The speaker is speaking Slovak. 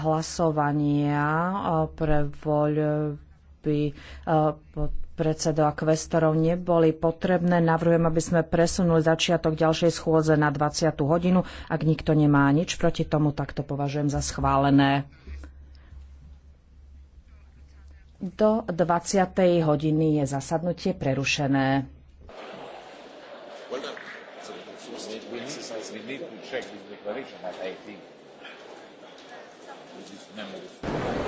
hlasovania e, pre voľby e, predsedov a kvestorov neboli potrebné. Navrhujem, aby sme presunuli začiatok ďalšej schôdze na 20. hodinu. Ak nikto nemá nič proti tomu, tak to považujem za schválené. Do 20. hodiny je zasadnutie prerušené. Well no nemluv.